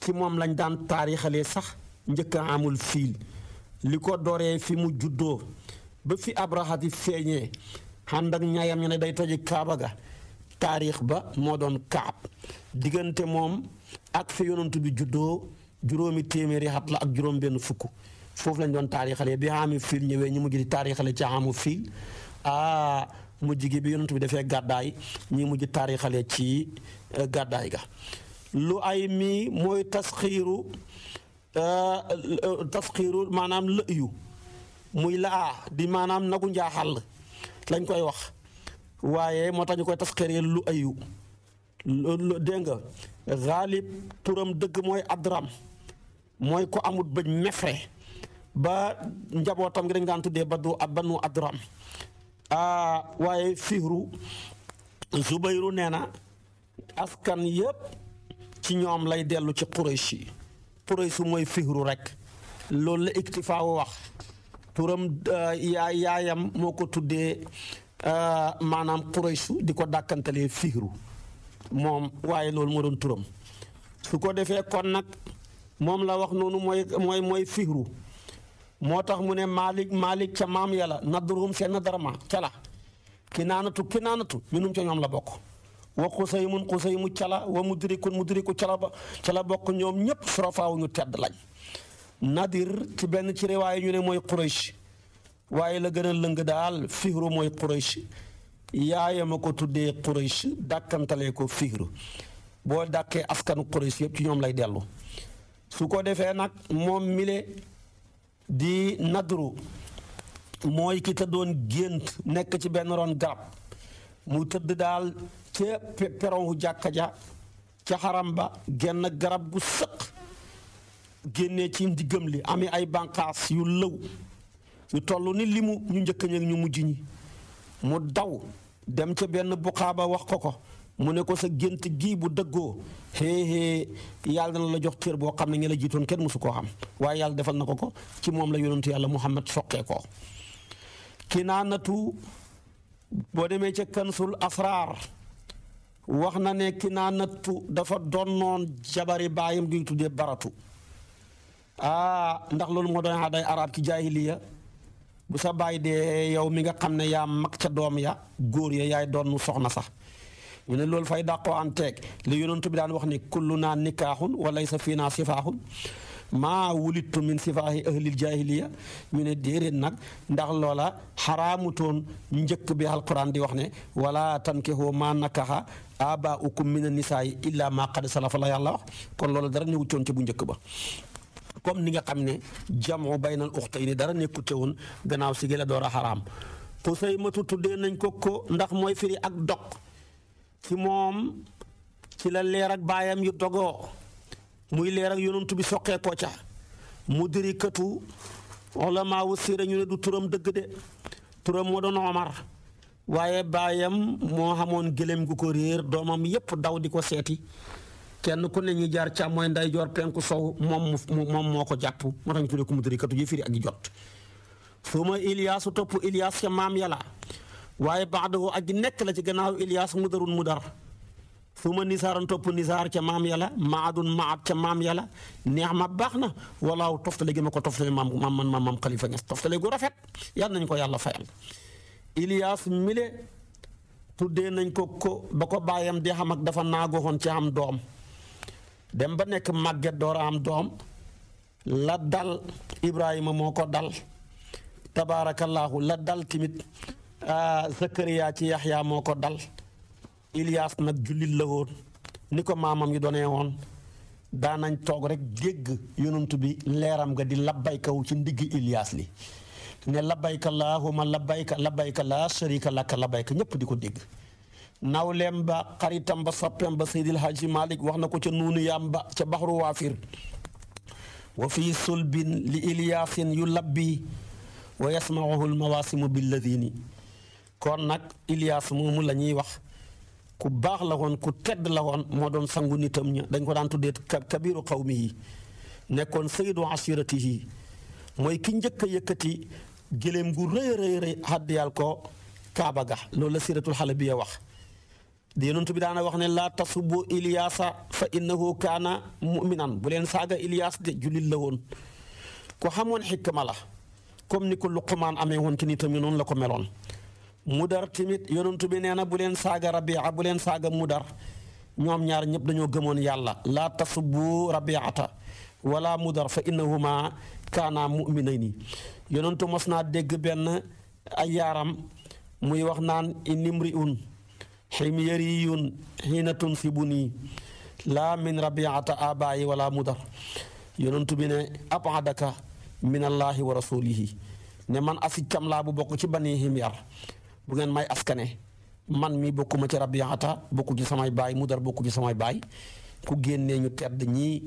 ci moom lañ daan taarixalee sax njëkk a amul fiil li ko doree fi mu juddoo ba fi abraha di feeñee ànd ak ñaayam ñu ne day toji kaaba ga taarix ba moo doon kaab diggante moom ak fi yonantu bi juddoo juróomi téeméeri at la ak juróom benn fukk foofu lañ doon taarixalee bi aami fiil ñëwee ñu mujj di taarixale ci amu fiil mu gi bi yonent bi defee gàddaay ñi mujj taarixale ci euh, gàddaay ga lu ay mi mooy tasxiiru euh, euh, tasxiiru maanaam lëyu muy laa di maanaam nagu njaaxal lañ koy wax waaye moo tax ñu koy tasxiir lu ayu dégg xaalib turam dëgg mooy adram mooy ko amut bëñ mefre ba njabootam gi dañ daan tuddee ba du banu Ah, waaye fihru zubayru nee na askan yépp ci ñoom lay dellu ci quraysh yi su mooy fihru rek loolu la iktifaawu wax turam eh, yaay yaayam moo ko tuddee eh, maanaam quraysh di ko dàkkantalee fihru moom waaye loolu moo doon turam su ko defee kon nag moom la wax noonu mooy mooy mooy fihru moo tax mu ne Malick Malick ca maam yàlla nadruhum seen na darma ca la kinaanatu kinaanatu minum ca ñoom la bokk wa xusaymun xusaymu ca la wa mudrikun mudriku mu la ba ca la bokk ñoom ñëpp sorofaawu ñu tedd lañ nadir ci benn ci riwaay ñu ne mooy Quraysh waaye la gën a lëng daal fihru mooy Quraysh yaayama ko tuddee Quraysh dàkkantalee ko fihru boo dàkkee askanu Quraysh yëpp ci ñoom lay dellu su ko defee nag moom mile di nadru mooy ki tëddoon gént nekk ci benn ron garab mu tëdd daal ca peron wu jàkka ja ca xaram ba genn garab gu sëq génnee ci ndiggam li ame ay bànqaas yu lëw yu toll ni limu ñu njëkk ñeeg ñu mujj ñi mu daw dem ca benn buqaaba wax ko ko mu ne ko sa gént gii bu dëggoo xéexée yàlla na la jox cër boo xam ne ña jiitoon kenn mosu koo xam waaye yàlla defal na ko ko ci moom la yonantu yàlla muhammad soqee ko kinaanatu boo demee ca kansul asraar wax na ne kinaanatu dafa doon noon jabari baayam duñ tuddee baratu ah ndax loolu moo doon aaday arab ci jaahiliya bu sa baay dee yow mi nga xam ne yaa mag ca doom ya góor ya yaay doon soxna sax ñu ne lool fay dàqoo anteeg li yonentu bi daan wax ni kullu naa nikaaxun walay sa fii naa sifaaxun maa wulittu min sifaahi ahlil jahiliya ñu ne déedéet nag ndax loola xaraamutoon njëkk bi alquran di wax ne wala ma maa nakaxa aba ukum mina nisaayi illa ma qad salafa la yàlla wax kon loola dara ne wuccoon ci bu njëkk ba comme ni nga xam ne jamu baynal uxtayni dara nekkute woon gannaaw si gi la door a xaraam xusaymatu tuddee nañ ko ndax mooy firi ak dog ci moom ci la leerak baayam yu dogoo muy leer ak yonantu bi soqee ko ca mu diri këtu olamaa wu siira ñu ne du turam dëgg de turam moo doon Omar waaye baayam moo xamoon gëlëm gu ko réer doomam yépp daw di ko seeti kenn ku ne ñu jaar càmmooy nday joor penku sow moom moom moo ko jàpp moo tax ñu tuddee ko mu këtu ji firi ak jot suma Ilias topp Ilias ca maam yàlla waaye baxdahu ak nekk la ci gannaaw Ilias mudarun mudar suma nisaaran topp nisaar ca maam yàlla maadun maad ca maam yàlla neex ma baax na walaaw toftale gi ma ko toftale maam man maam maam Khalifa Niass toftale gu rafet yal nañ ko yàlla fayal Ilias mile tuddee nañ ko ko ba ko bàyyam di xam dafa naago xoon ci am doom dem ba nekk màgget door am doom la dal Ibrahima moo ko dal tabaarakallaahu la dal timit Ah, Zakariya ci Yaxya moo ko dal Ilias nag jullit la woon ni ko maamam yi donee woon daanañ toog rek dégg yonantu bi leeram nga di labbaykawu ci ndigg Ilias li ne labbayka laahuma labbayka labbayka laa sharika laka labbayka ñëpp di ko dégg nawleem ba xaritam ba soppeem ba Seydil Haaji Malick wax na ko ca nuunu ba ca baxru waafir wa fii sulbin li Iliasin yu labbi wa yasmauhu lmawaasimu billadini kon nag Ilias moomu la ñuy wax ku baax la woon ku tedd la woon moo doon sangu nitam ña dañ ko daan tuddee kabiru xawmi yi nekkoon sayyidu asirati yi mooy ki njëkk a yëkkati gëléem gu rëy rëy rëy ko kaaba ga loolu la siratul xalabiya wax di yonent bi daana wax ne laa tasubu Iliyaasa fa innahu kaana muminan bu leen saaga Iliyaas de jullit la woon ko xamoon xikma la comme ni ko Luqmaan amee woon ki nitam yi noonu la ko meloon mudar tamit yonentu bi nee na bu leen saaga rabia buleen leen saaga mudar ñoom ñaar ñëpp dañoo gëmoon yàlla laa tasubbu rabiata wala mudar fa innahuma kaana muminayni yonentu mos naa dégg benn ay yaaram muy wax naan inimri un ximyariyun xiina tunsibuni laa min rabiata abaayi wala mudar yonentu bi ne abadaka min allahi wa rasulihi ne man asi laa bu bokk ci bani himyar bu ngeen may askane man mi bokkuma ci rabiata bokku ci samay baay mu dar bokku ci samay baay ku génnee ñu tedd ñii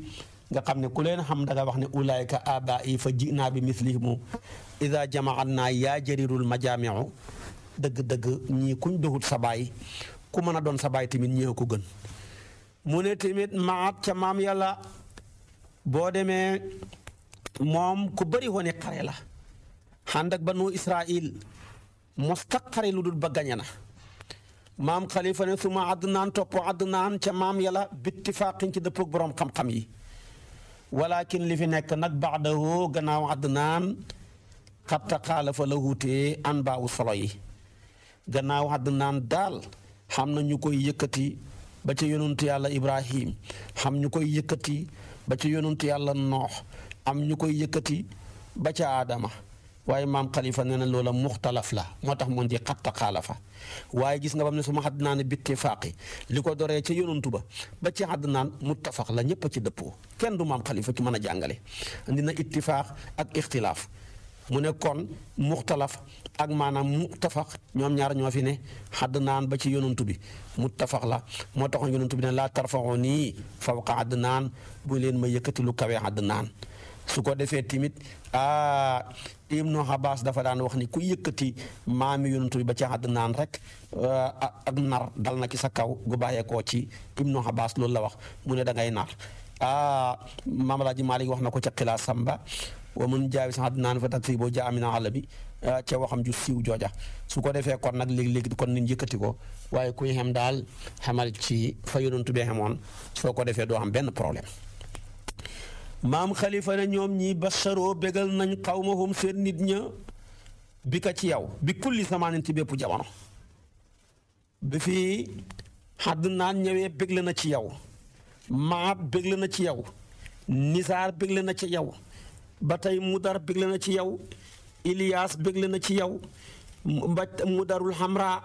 nga xam ne ku leen xam da nga wax ne ulaayka aba yi fa ji naa bi mislihimu ida jamaan naa yaa jarirul majaamiu dëgg-dëgg ñi kuñ doxut sa baay ku mën a doon sa baay tamit ñëw ko gën mu ne tamit maat ca maam yàlla boo demee moom ku bëri woon xare la xànd ak banu Israil mosta xare lu dul ba gañe na maam xalifa ne su ma topp àdd ca maam yàlla bittifaaqin ci dëppoog boroom xam-xam yi walakin li fi nekk nag baxdawoo gannaaw àdd naan xatta xaalafa la wuutee an baawu solo yi gannaaw àdd daal xam na ñu koy yëkkati ba ca yonantu yàlla ibrahim xam ñu koy yëkkati ba ca yonantu yàlla noox am ñu koy yëkkati ba ca aadama waaye maam xalifa nee na loola muxtalaf la moo tax mun ci xatta xaalafa waaye gis nga bam ne suma xadd naa ne bitti faaqi li ko doree ca yonantu ba ba ci xadd naan muttafaq la ñëpp ci dëppoo kenn du maam ci mën a jàngale andi na ittifaax ak ixtilaaf mu ne kon muxtalaf ak maanaam muttafaq ñoom ñaar ñoo xadd naan ba ci yonantu bi muttafaq la moo taxoon yonantu bi ne laa tarfaxoo nii fawqa xadd naan bu leen ma yëkkati lu kawee xadd naan su ko defee timit ah Ibnu Abbas dafa daan wax ni ku yëkkati maami yonent bi ba ci Adnaan rek ah, ak nar dal na ki sa kaw gu bàyyeekoo ci Ibnu Abbas loolu la wax mu ne dangay ngay nar ah Maam Alaaji Maalik wax na ko ca Xilaa Samba wa mun jaawi sa Adnaan fa taksi boo jaa amina àll bi ah, ca waxam ju siiw jooja su ko defee kon nag léegi-léegi kon nin yëkkati ko waaye kuy xem daal xamal ci fa yonent bi xemoon soo ko defee doo xam benn problème maam xalifa ne ñoom ñi basharoo bégal nañ xawmahum seen nit ña bi ci yow bi kulli zamaanin ci bépp jamono bi fi xadd naan ñëwee bégle na ci yow maab bégle na ci yow nisaar bégle na ci yow ba tey mudar na ci yow iliyaas bégle na ci yow ba mudarul xamra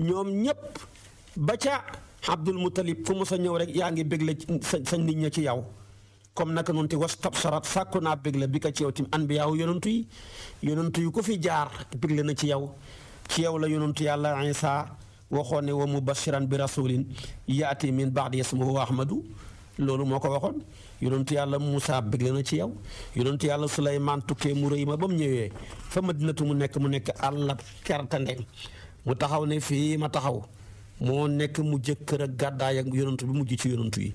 ñoom ñépp ba ca abdul mutalib fu mu a ñëw rek yaa ngi bégle sa nit ña ci yow comme naka noonu te was tabsarat sàkku naa bégle bi ka ci bi tamit anbiyaaw yonantu yi yonantu yu ko fi jaar bégle na ci yow ci yow la yonantu yàlla Isa waxoon ne wa mubashiran bi rasulin yaati min baadi ma du loolu moo ko waxoon yonantu yàlla Moussa bégle na ci yow yonantu yàlla Souleymane tukkee mu rëy ma ba mu ñëwee fa madinatu mu nekk mu nekk àll kertande mu taxaw ne fii ma taxaw moo nekk mu jëkkër ak gàddaay ak yonantu bi mujj ci yonantu yi.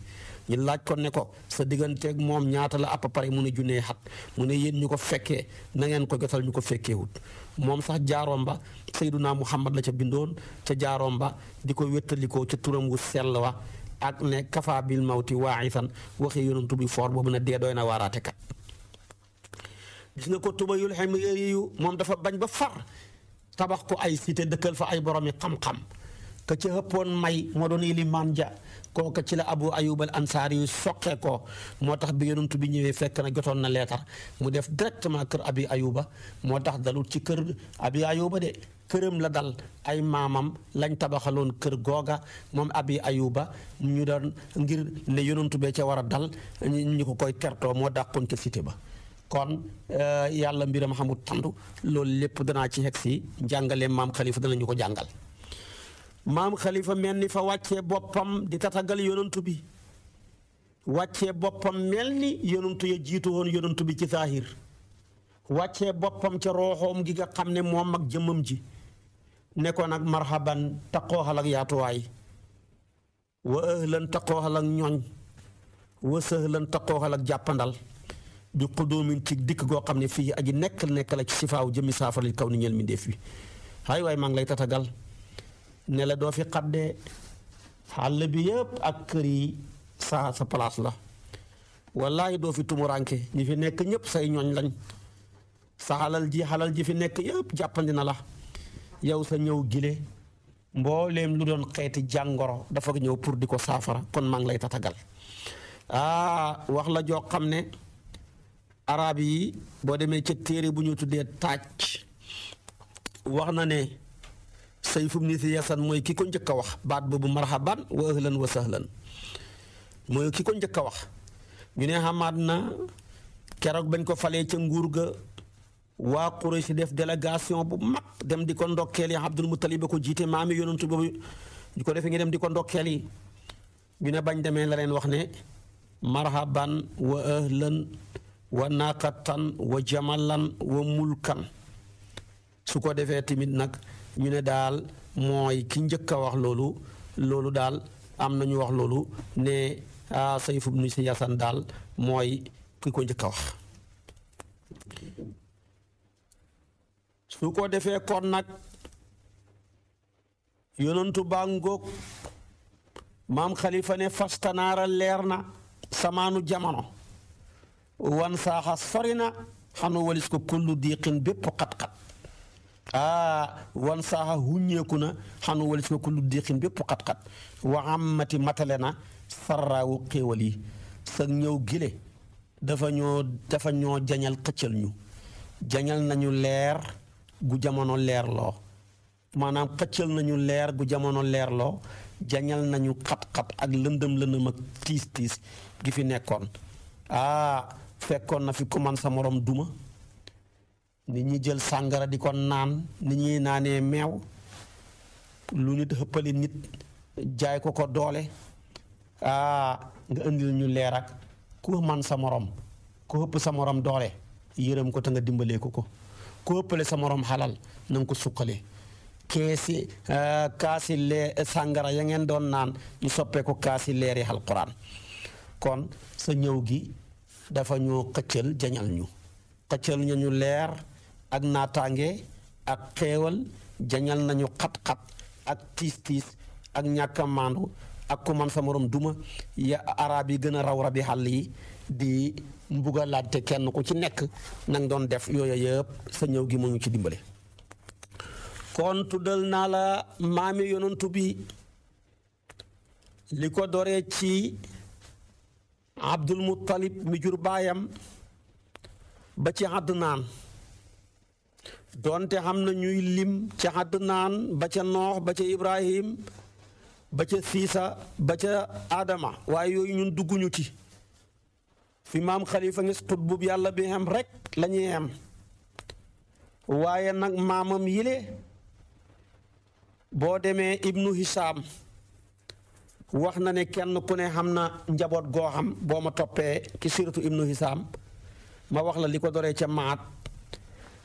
ñu laaj ko ne ko sa digganteeg moom ñaata la àpp pare mu ne junnee xat mu ne yéen ñu ko fekkee na ngeen ko jotal ñu ko fekkeewut moom sax jaaroom ba Seydunaa Muhammad la ca bindoon ca jaaroom ba di ko wéttalikoo ca turam wu sell wa ak ne kafaa bil mawti waaxisan waxee yonantu bi foor boobu ne dee doy na waaraate kat gis nga ko tubayul xemyéer yu moom dafa bañ ba far tabax ko ay cité dëkkal fa ay boromi xam-xam ka ca ëppoon may moo doon Ilimaan Ja kooka ci la Abu Ayyub al Ansaari yu soqee ko moo tax bi yonent bi ñëwee fekk na jotoon na leetar mu def directement kër Abi Ayyuba moo tax dalut ci kër Abi Ayyuba de këram la dal ay maamam lañ tabaxaloon kër googa moom Abi Ayyuba ñu doon ngir ne yonent bee ca war a dal ñu ko koy tertoo moo dàqoon ca cité ba kon euh, yàlla mbiram xamut tandu loolu lépp danaa ci xeg si njàngale maam xalifa danañu ko jàngal maam xalifa mel ni fa wàccee boppam di tatagal yonantu bi wàccee boppam mel ni yonantu ya jiitu woon yonantu bi ci saahir wàccee boppam ca rooxoom gi nga xam ne moom mag jëmmam ji nekkoon ak marhaban taqooxal ak yaatuwaay wa ëhlan taqooxal ak ñooñ wa sëhlan taqooxal ak jàppandal bi xudóomin ci dikk goo xam ne fii aji nekk nekk la ci sifaaw jëmmi saafara kaw ni ñeel mi def bi hay waay maa ngi lay tatagal ne la doo fi xaddee xàll bi yépp ak kër yi sa sa place la wallahi doo fi tumuranke ñi fi nekk ñëpp say ñooñ lañ sa xalal ji xalal ji fi nekk yëpp jàppandi na la yow sa ñëw gile mboolem lu doon xeeti jàngoro dafa ñëw pour di ko saafara kon maa lay tatagal aa ah, wax la joo xam ne arab yi boo demee ca téere bu ñu tuddee tàcc wax na ne sayfum ni si yasan mooy ki ko njëkk wax baat boobu marhaban wa ahlan wa sahlan mooy ki ko njëkk a wax ñu ne xamaat na keroog bañ ko falee ca nguur ga waa si def délégation bu mag dem di ko ndokkeel yi Abdul Muttalib ba ko jiite maami ti boobu ñu ko defee ngi dem di ko ndokkeel yi ñu ne bañ demee la leen wax ne marhaban wa ahlan wa naqatan wa jamalan wa mulkan su ko defee tamit nag ñu ne daal mooy ki njëkk a wax loolu loolu daal am na ñu wax loolu ne Sayf ibnu si Yasan daal mooy ki ko njëkk a wax su ko defee kon nag yonantu baa ngoog maam xalifa ne fastanaara leer na samaanu jamono wan saaxas sori na xanu walis ko kullu diiqin bépp xat-xat aa wan saaxa huññeeku na xanu walis ko kullu diqin bépp xat-xat waxamati matale na sarraawu xéewal yi sa ñëw gile dafa ñoo dafa ñoo jañal xëccal ñu jañal nañu leer gu jamono leerloo maanaam xëccal nañu leer gu jamono leer loo jañal nañu xat-xat ak lëndëm lëndëm ak tiis tiis gi fi nekkoon aa fekkoon na fi ku man sa moroom duma ni ñi jël sàngara di ko naan ni ñuy naanee meew lu ñu xëppali nit jaay ko ko doole aa ah, nga indil ñu leer ak ku man sa moroom ku ëpp sa moroom doole yërëm ko te nga dimbalee ko ko ku ëppale sa moroom xalal na nga ko suqalee keesi ah, kaasi leer sàngara ya ngeen doon naan ñu soppee ko kaasi leeri alquran kon sa ñëw gi dafa ñoo xëccal jañal ñu xëccal ñu ñu leer ak naataange ak xeewal jañal nañu xat-xat ak tiis-tiis ak ñàkk ak ku man sa morom duma ya arab yi gën a raw rabi yi di mbuga laajte kenn ku ci nekk nang doon def yooyu yëpp sa ñëw gi mu ngi ci dimbale kon tuddal naa la maami yonantu bi li ko doree ci abdul muttalib mi jur baayam ba ci àddunaan doonte xam na ñuy lim ca naan ba ca Noox ba ca Ibrahim ba ca Siisa ba ca Adama waaye yooyu ñun dugguñu ci fi maam Khalifa ngis xutbub yàlla bi xam rek lañuy ñuy waaye nag maamam yile boo demee Ibnu Hisaam wax na ne kenn ku ne xam na njaboot goo xam boo ma toppee ki siratu Ibnu Hisaam ma wax la li ko doree ca maat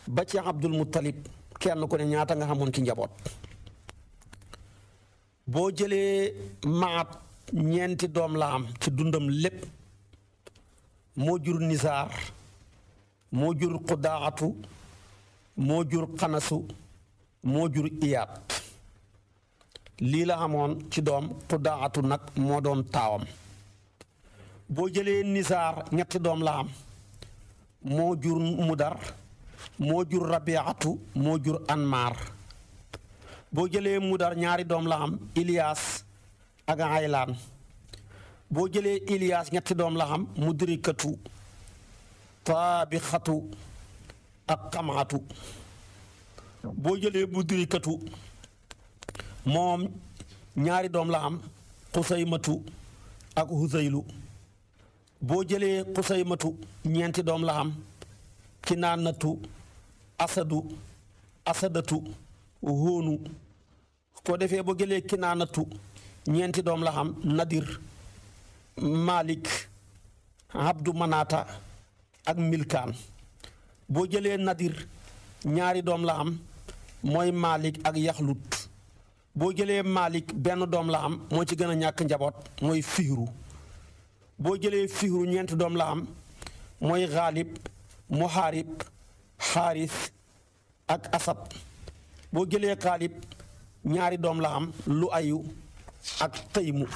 ba ci Abdul Muttalib kenn ku ne ñaata nga xamoon ci njaboot boo jëlee maat ñeenti doom la am ci dundam lépp moo jur nisaar moo jur xudaatu moo jur xanasu moo jur iyaat lii la amoon ci doom xudaatu nag moo doon taawam boo jëlee nisaar ñetti doom la am moo jur mudar moo jur rabiatu moo jur anmaar boo jëlee mudar ñaari doom la am ilias ak aylaan boo jëlee ilias ñetti doom la am mudrikatu taabixatu ak xamaatu boo jëlee mudrikatu moom ñaari doom la am xusaymatu ak xusaylu boo jëlee xusaymatu ñeenti doom la am kinaanatu asadu asadatu hóonu ko defee boo jëlee kinaanatu ñeenti doom la xam nadir malik abdu manata ak milkaan boo jëlee nadir ñaari doom la am mooy malik ak yaxlut boo jëlee malik benn doom la am moo ci gën a ñàkk njaboot mooy fihru boo jëlee fihru ñeenti doom la am mooy xaalib muhaarib xaaris ak asab boo jëlee xaalib ñaari doom la am lu ayu ak taymu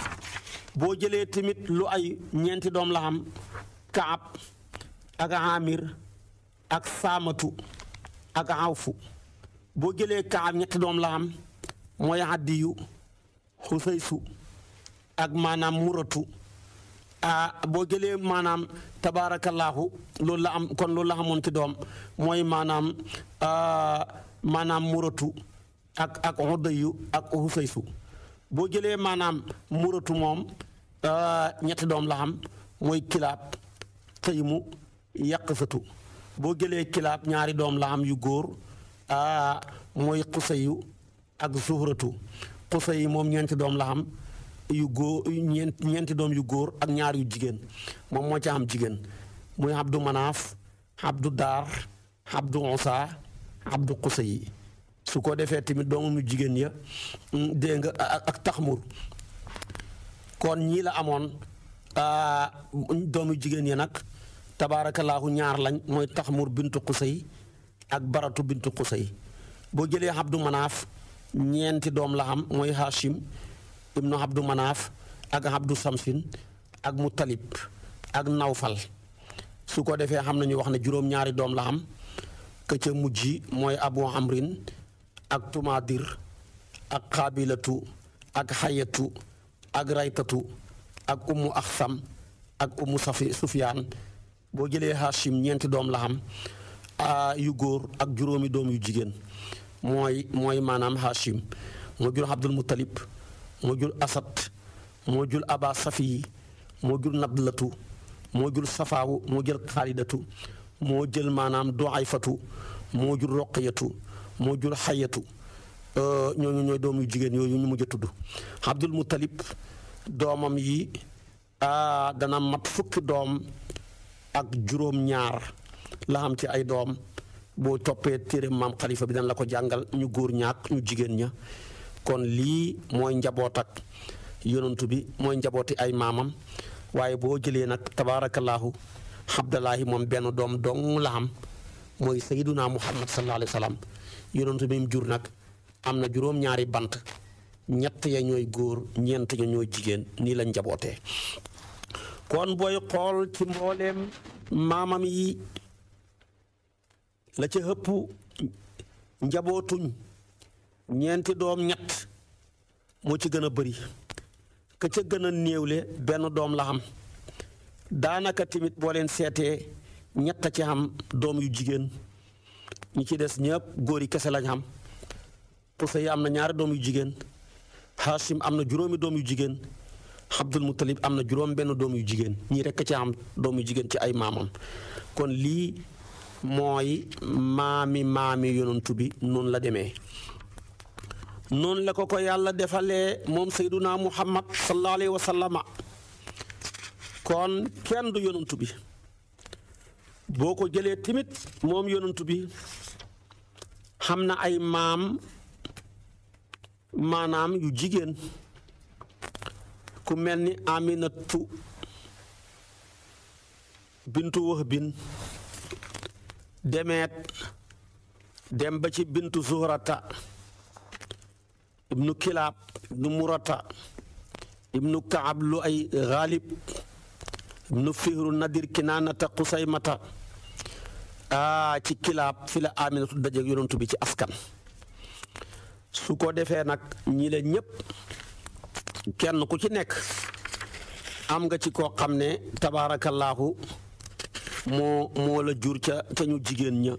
boo jëlee tamit lu ay ñeenti doom la am ak amir ak saamatu ak awfu boo jëlee kaab ñetti doom la am mooy ak maanaam muratu ah, boo jëlee maanaam tabaarakallaahu loolu la am kon loolu la xamoon ci doom mooy maanaam euh, maanaam muratu ak ak xuddayu ak xusaysu boo jëlee maanaam muratu moom euh, ñetti doom la xam mooy kilaab xëymu yàqsatu boo jëlee kilaab ñaari doom la am yu góor euh, mooy xusayu ak zuhratu xusayu moom ñeenti doom la yu góor ñeent ñeenti doom yu góor ak ñaar yu jigéen moom moo ca am jigéen muy Abdou Manaaf Abdou Daar Abdou Onsa Abdou Kusay su ko defee tamit doomu jigéen ya mm, dégg nga ak taxmur kon ñii la amoon doomu jigéen ya nag tabaarakallaahu ñaar lañ mooy taxmur bintu Kusay ak baratu bintu Kusay boo jëlee Abdou Manaaf ñeenti doom la am mooy Hashim ibnu Abdou Manaaf ak Abdou Samsin ak Muttalib ak Nawfal su ko defee xam nañu wax ne juróom-ñaari doom la am ka ca mooy Abu Amrin ak Tumaadir ak Xaabilatu ak Xayatu ak Raytatu ak Ummu Axsam ak Ummu Safi Sufyaan boo jëlee Hashim ñeenti doom la am yu góor ak juróomi doom yu jigéen mooy mooy maanaam Hashim moo jur Abdul Muttalib moo jur asat moo jur aba safi moo jur nadlatu moo jur safaawu moo jur moo jël maanaam doxayfatu moo jur roqiyatu moo jur xayatu euh, ñooñu ñooy doom yu jigéen yooyu ñu mujj a tudd Abdul Muttalib doomam yi dana mat fukki doom ak juróom-ñaar la am ci ay doom boo toppee téere maam xalifa bi dana la ko jàngal ñu góor ñaak ñu jigéen ña kon lii mooy njaboot ak bi mooy njabooti ay maamam waaye boo jëlee nag tabaarakallaahu Abdallaahi moom benn doom dong la am mooy sayyiduna Muhammad sallallahu alayhi wa sallam yonantu bi mu jur nag am na juróom-ñaari bant ñett ya ñooy góor ñeent ya ñooy jigéen nii la njabootee kon booy xool ci mbooleem maamam yi la ca ëpp njabootuñ ñeenti doom ñett moo ci gën a bari ka ca gën a néewle benn doom la xam daanaka timit boo leen seetee ñett a ci xam doom yu jigéen ñi ci des ñëpp góor yi kese lañ xam parce que am na ñaari doom yu jigéen Hashim am na juróomi doom yu jigéen Abdul Muttalib am na juróom benn doom yu jigéen ñi rekk ci am doom yu jigéen ci ay maamam kon lii mooy maami maami yonantu bi noonu la demee noonu la ko ko yàlla defalee moom sayduna muhammad sallallahu alayhi wa sallama kon kenn du yonantu bi boo ko jëlee timit moom yonantu bi xam na ay maam maanaam yu jigéen ku mel ni aminatu bintu wax bin demeet dem ba ci bintu zuhrata nu kilaab ibnu murata nu kaab lu ay xaalib ibnu fihru nadir kinaanata xusaymata ah ci kilaab fi la aminatu dajeeg yonantu bi ci askan su ko defee nag ñi la ñëpp kenn ku ci nekk am nga ci koo xam ne tabaarakallaahu moo moo la jur ca ca ñu jigéen ña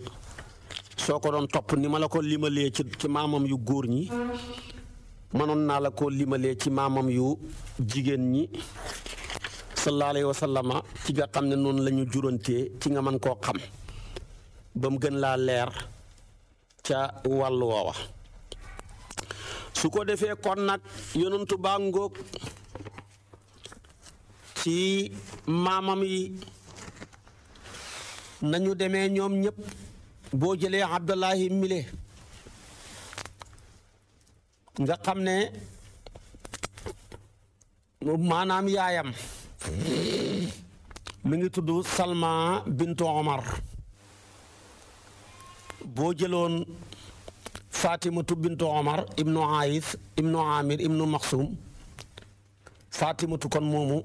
soo ko doon topp ni ma la ko limalee ci ci maamam yu góor ñi mënoon naa la ko limalee ci maamam yu jigéen ñi sallallahu alayhi wa sallama ci nga xam ne noonu lañu ñu jurantee ci nga mën koo xam ba mu gën laa leer ca wàllu woowa su ko defee kon nag yonantu baa ngóog ci maamam yi nañu demee ñoom ñëpp boo jëlee Abdullahi mile nga xam ne maanaam yaayam mi ngi tudd Salma bintu Omar boo jëloon Fatimatu bintu Omar ibnu Aïs ibnu Amir ibnu Maxsum Fatimatu kon moomu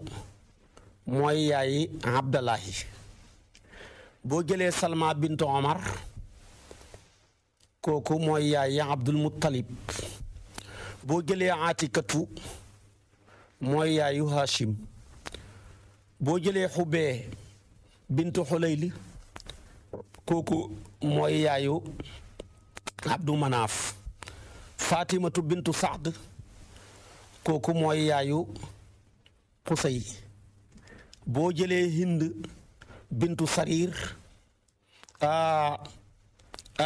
mooy yaayi Abdallahi boo jëlee Salma bintu Omar kooku mooy yaayi Abdul Muttalib boo jëlee aatikatu mooy yaayu Hachim boo jëlee xubee bintu xulayli kooku mooy yaayu Abdu Manaaf Fatimatu bintu Saad kooku mooy yaayu Xusay boo jëlee Hind bintu Sarir aa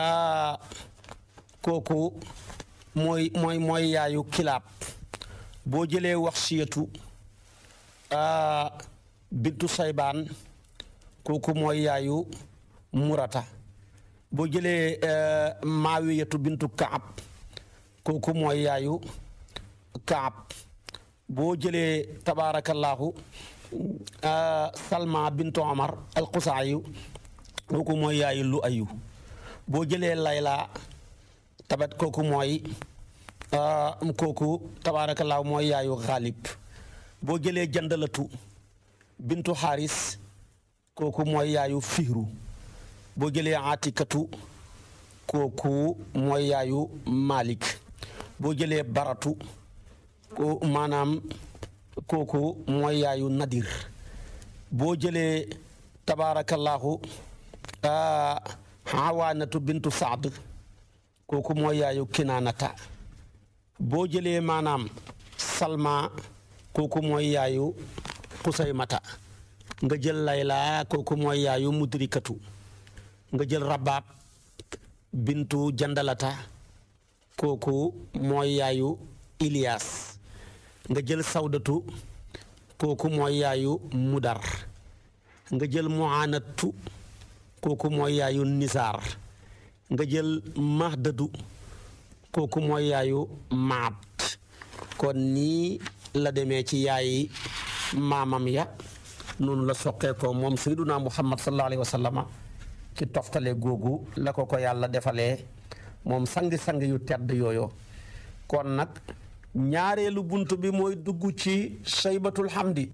aa kooku mooy mooy mooy yaayu kilaab boo jëlee wax siyatu bintu saybaan kooku mooy yaayu murata boo jëlee e, maawiyatu bintu kaab kooku mooy yaayu kaab boo jëlee tabaarakallaahu salma bintu omar alxusaayu kooku mooy yaayu lu ayu boo jëlee layla tabat kooku mooy ah, kooku tabaarakallaahu mooy yaayu xaalib boo jëlee jandalatu bintu xaaris kooku mooy yaayu fihru boo jëlee atikatu kooku mooy yaayu malik boo jëlee baratu maanaam kooku mooy yaayu nadir boo jëlee tabaarakallaahu ah, awaanatu bintu saad kooku moo yaayu kinaanata boo jëlee maanaam salma kooku mooy yaayu xusaymata nga jël layla kooku mooy yaayu mudrikatu nga jël rabaab bintu jandalata kooku mooy yaayu ilias nga jël sawdatu kooku mooy yaayu mudar nga jël muanatu kooku mooy yaayu nisaar nga jël mahdadu kooku mooy yaayu maat kon nii la demee ci yaayi maamam ya noonu la soqee ko moom sayyiduna muhammad sallallahu alayhi wa sallama ci toftale googu la ko ko yàlla defalee moom sang-sang yu tedd yooyu kon nag ñaareelu bunt bi mooy dugg ci saybatul hamdi